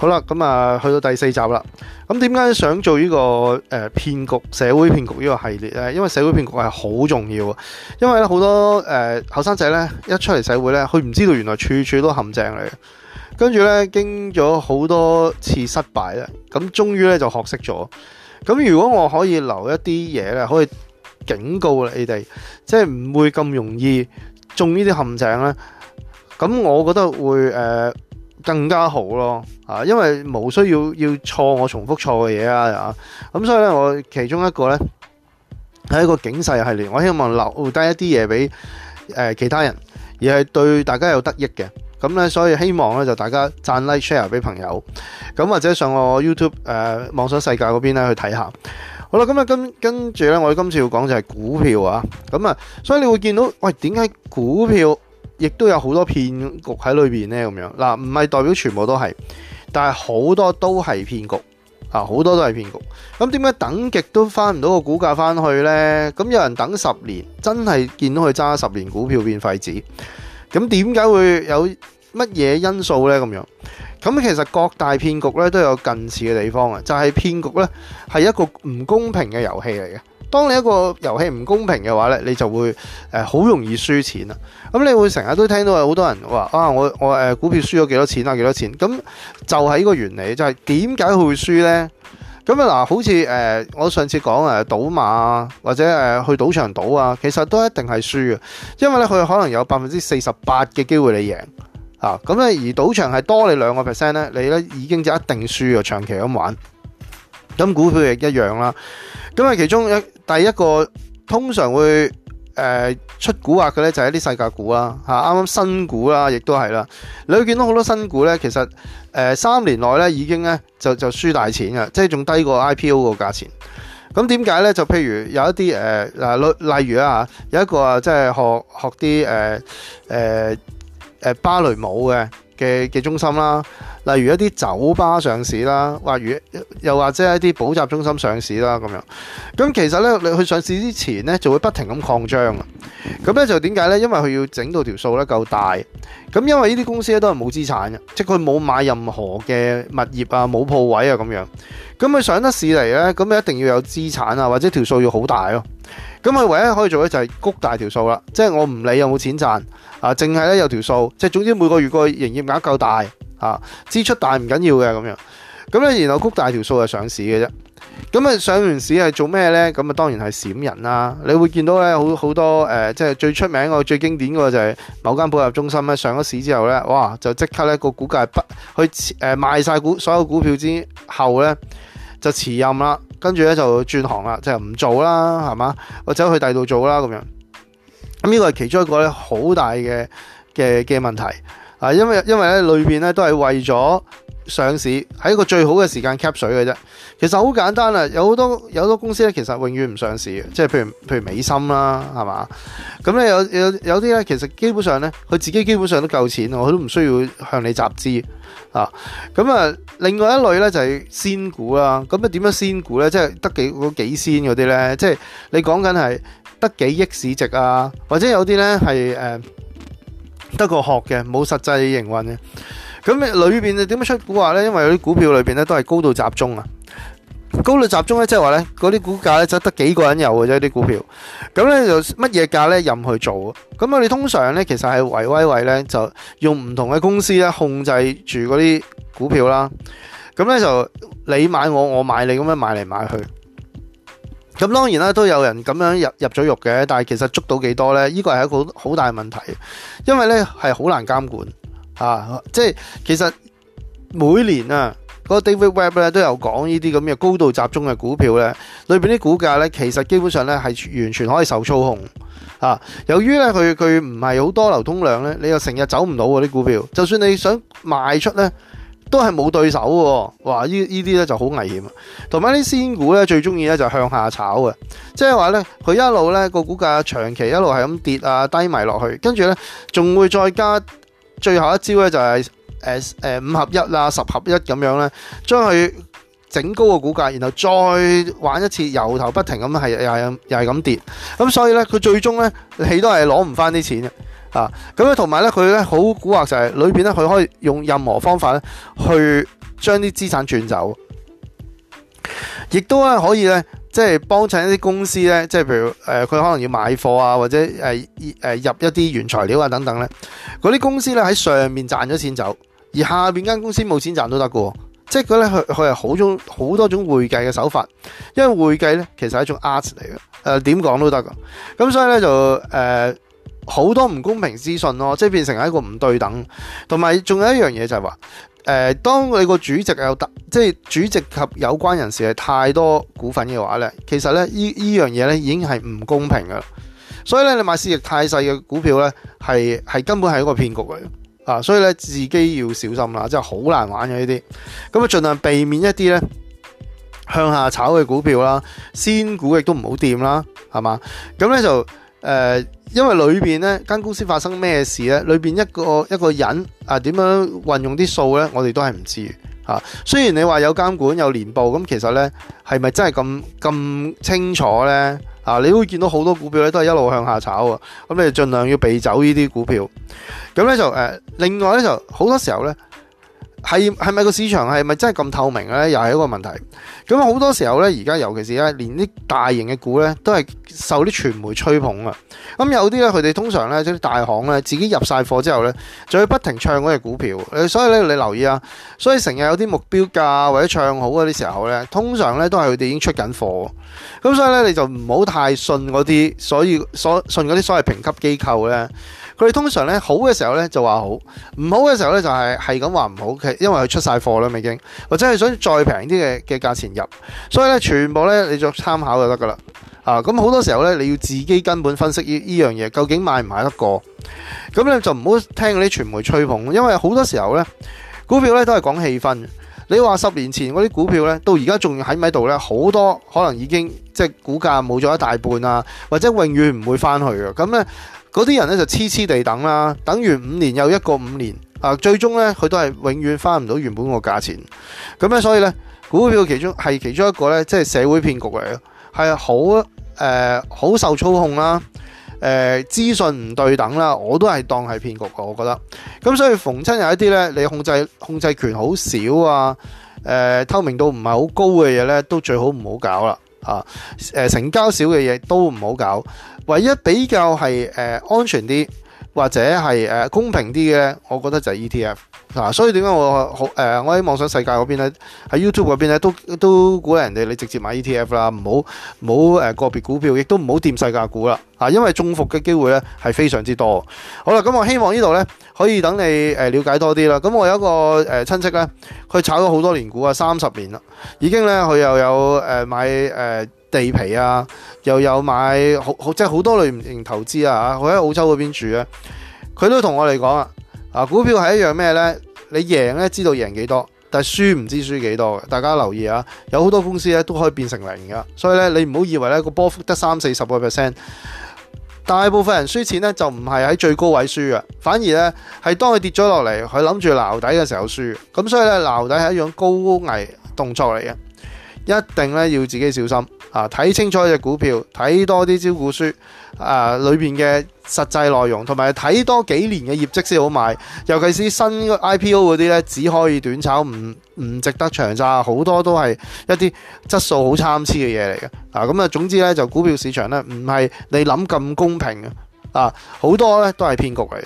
好啦，咁啊，去到第四集啦。咁點解想做呢個誒騙局、社會騙局呢個系列咧？因為社會騙局係好重要啊。因為咧好多誒後生仔咧一出嚟社會咧，佢唔知道原來處處都陷阱，嚟嘅。跟住咧經咗好多次失敗咧，咁終於咧就學識咗。咁如果我可以留一啲嘢咧，可以警告你哋，即係唔會咁容易中呢啲陷阱咧，咁我覺得會誒。呃更加好咯，啊，因為無需要要錯我重複錯嘅嘢啊，咁所以咧，我其中一個呢係一個警世系列，我希望留低一啲嘢俾誒其他人，而係對大家有得益嘅，咁呢，所以希望呢就大家贊 like share 俾朋友，咁或者上我 YouTube 誒、呃、妄想世界嗰邊咧去睇下，好啦，咁啊跟跟住呢，我哋今次要講就係股票啊，咁啊，所以你會見到，喂，點解股票？亦都有好多騙局喺裏面呢。咁樣嗱，唔係代表全部都係，但係好多都係騙局，啊，好多都係騙局。咁點解等極都翻唔到個股價翻去呢？咁有人等十年，真係見到佢揸十年股票變廢紙。咁點解會有乜嘢因素呢？咁樣咁其實各大騙局咧都有近似嘅地方啊，就係騙局咧係一個唔公平嘅遊戲嚟嘅。當你一個遊戲唔公平嘅話咧，你就會誒好容易輸錢啊！咁你會成日都聽到有好多人話啊，我我誒股票輸咗幾多錢啊，幾多錢？咁就係一個原理，就係點解佢會輸呢？咁啊嗱，好似誒、呃、我上次講誒賭馬啊，或者誒、呃、去賭場賭啊，其實都一定係輸嘅，因為咧佢可能有百分之四十八嘅機會你贏啊，咁咧而賭場係多你兩個 percent 咧，你咧已經就一定輸啊，長期咁玩。咁股票亦一樣啦，咁啊其中一第一個通常會誒、呃、出股價嘅咧，就係、是、一啲細價股啦，嚇啱啱新股啦，亦都係啦。你會見到好多新股咧，其實誒三、呃、年內咧已經咧就就輸大錢嘅，即係仲低過 IPO 個價錢。咁點解咧？就譬如有一啲誒嗱例例如啊，有一個啊，即、就、係、是、學學啲誒誒誒芭蕾舞嘅嘅嘅中心啦。例如一啲酒吧上市啦，或如又或者一啲補習中心上市啦，咁樣咁其實咧，你去上市之前咧，就會不停咁擴張啊。咁咧就點解咧？因為佢要整到條數咧夠大。咁因為呢啲公司咧都係冇資產嘅，即係佢冇買任何嘅物業啊，冇鋪位啊，咁樣咁佢上得市嚟咧，咁一定要有資產啊，或者條數要好大咯。咁佢唯一可以做咧就係谷大條數啦，即係我唔理有冇錢賺啊，淨係咧有條數，即係總之每個月個營業額夠大。啊，支出大唔緊要嘅咁樣，咁咧然後谷大條數係上市嘅啫，咁啊上完市係做咩咧？咁啊當然係閃人啦！你會見到咧，好好多誒，即、呃、係最出名個最經典個就係某間配業中心咧，上咗市之後咧，哇就即刻咧個股價不去誒、呃、賣晒股所有股票之後咧就辭任啦，跟住咧就轉行啦，就唔、就是、做啦，係嘛？或者去第二度做啦咁樣，咁呢、這個係其中一個咧好大嘅嘅嘅問題。啊，因為因為咧，裏邊咧都係為咗上市，喺一個最好嘅時間 cap 水嘅啫。其實好簡單啦，有好多有好多公司咧，其實永遠唔上市即係譬如譬如美心啦，係嘛？咁咧有有有啲咧，其實基本上咧，佢自己基本上都夠錢，我都唔需要向你集資啊。咁啊，另外一類咧就係仙股啦。咁啊，點樣仙股咧？即係得幾幾仙嗰啲咧？即係你講緊係得幾億市值啊，或者有啲咧係誒得個殼嘅，冇實際營運嘅。咁裏邊你點樣出古惑呢？因為有啲股票裏邊咧都係高度集中啊，高度集中咧即係話呢嗰啲股價咧就得幾個人有嘅啫，啲股票。咁呢就乜嘢價呢？任去做。咁我哋通常呢，其實係圍威喂呢，就用唔同嘅公司咧控制住嗰啲股票啦。咁呢，就你買我，我買你咁樣買嚟買去。咁當然啦，都有人咁樣入入咗獄嘅，但係其實捉到幾多呢？呢個係一個好大問題，因為呢係好難監管啊！即係其實每年啊，嗰個 David Webb 呢都有講呢啲咁嘅高度集中嘅股票呢，裏面啲股價呢，其實基本上呢係完全可以受操控。啊，由於呢，佢佢唔係好多流通量呢，你又成日走唔到嗰啲股票，就算你想賣出呢。都係冇對手喎，哇！呢啲咧就好危險啊，同埋啲仙股咧最中意咧就向下炒嘅，即係話咧佢一路咧個股價長期一路係咁跌啊，低迷落去，跟住咧仲會再加最後一招咧就係誒誒五合一啊十合一咁樣咧，將佢整高個股價，然後再玩一次由頭不停咁係又係又係咁跌，咁所以咧佢最終咧起都係攞唔返啲錢嘅。啊，咁咧同埋咧，佢咧好古惑就係裏邊咧，佢可以用任何方法咧，去將啲資產轉走，亦都可以咧，即係幫襯一啲公司咧，即係譬如，誒，佢、呃、可能要買貨啊，或者誒誒、呃、入一啲原材料啊等等咧，嗰啲公司咧喺上面賺咗錢走，而下邊間公司冇錢賺都得噶，即係佢咧佢佢係好種好多種會計嘅手法，因為會計咧其實係一種 art 嚟嘅，誒點講都得噶，咁所以咧就誒。呃好多唔公平資訊咯，即係變成一個唔對等，同埋仲有一樣嘢就係話，誒、呃，當你個主席有特，即係主席及有關人士係太多股份嘅話咧，其實咧呢呢樣嘢咧已經係唔公平嘅啦，所以咧你買市值太細嘅股票咧，係係根本係一個騙局嚟，啊，所以咧自己要小心啦，即係好難玩嘅呢啲，咁啊盡量避免一啲咧向下炒嘅股票啦，仙股亦都唔好掂啦，係嘛，咁咧就。誒、呃，因為裏面咧間公司發生咩事咧，裏面一個一個人啊點樣運用啲數咧，我哋都係唔知、啊、雖然你話有監管有年報，咁其實咧係咪真係咁咁清楚咧？啊，你會見到好多股票咧都係一路向下炒喎。咁你儘量要避走呢啲股票。咁咧就、啊、另外咧就好多時候咧。係係咪個市場係咪真係咁透明呢？又係一個問題。咁好多時候呢，而家尤其是呢，連啲大型嘅股呢都係受啲傳媒吹捧啊。咁有啲呢，佢哋通常呢，即係啲大行呢，自己入晒貨之後呢，就會不停唱嗰隻股票。所以呢，你留意啊。所以成日有啲目標價或者唱好嗰啲時候呢，通常呢都係佢哋已經出緊貨。咁所以呢，你就唔好太信嗰啲，所以所信嗰啲所謂評級機構呢。佢哋通常咧好嘅時候咧就話好，唔好嘅時候咧就係係咁話唔好嘅，因為佢出晒貨啦已經，或者係想再平啲嘅嘅價錢入，所以咧全部咧你就參考就得噶啦啊！咁好多時候咧你要自己根本分析呢呢樣嘢，究竟買唔買得過？咁咧就唔好聽嗰啲傳媒吹捧，因為好多時候咧股票咧都係講氣氛。你話十年前嗰啲股票咧，到而家仲要喺咪度咧，好多可能已經即係股價冇咗一大半啊，或者永遠唔會翻去嘅咁咧。嗰啲人咧就黐黐地等啦，等完五年又一個五年，啊，最終咧佢都係永遠返唔到原本個價錢。咁咧所以咧，股票其中係其中一個咧，即係社會騙局嚟嘅，係好誒好受操控啦，誒、呃、資訊唔對等啦，我都係當係騙局嘅，我覺得。咁所以逢親有一啲咧，你控制控制權好少啊，誒、呃、透明度唔係好高嘅嘢咧，都最好唔好搞啦。啊、呃，成交少嘅嘢都唔好搞，唯一比較係、呃、安全啲。或者係誒、呃、公平啲嘅，我覺得就係 ETF 嗱、啊，所以點解我好誒、呃？我喺妄想世界嗰邊咧，喺 YouTube 嗰邊咧，都都鼓勵人哋你直接買 ETF 啦，唔好唔好誒個別股票，亦都唔好掂細價股啦，啊，因為中伏嘅機會咧係非常之多。好啦，咁我希望這裏呢度咧可以等你誒瞭、呃、解多啲啦。咁我有一個誒親、呃、戚咧，佢炒咗好多年股啊，三十年啦，已經咧佢又有誒、呃、買誒。呃地皮啊，又有買好好，即係好多類型投資啊！佢喺澳洲嗰邊住啊，佢都同我哋講啊，啊股票係一樣咩呢？你贏咧知道贏幾多，但係輸唔知輸幾多嘅。大家留意啊，有好多公司咧都可以變成零嘅，所以咧你唔好以為咧個波幅得三四十個 percent，大部分人輸錢咧就唔係喺最高位輸嘅，反而咧係當佢跌咗落嚟，佢諗住撈底嘅時候輸。咁所以咧撈底係一種高危動作嚟嘅。一定咧要自己小心啊！睇清楚隻股票，睇多啲招股書啊，裏邊嘅實際內容，同埋睇多幾年嘅業績先好買。尤其是新 IPO 嗰啲咧，只可以短炒，唔唔值得長揸。好多都係一啲質素好參差嘅嘢嚟嘅。嗱，咁啊，總之咧就股票市場咧，唔係你諗咁公平嘅啊，好多咧都係騙局嚟嘅。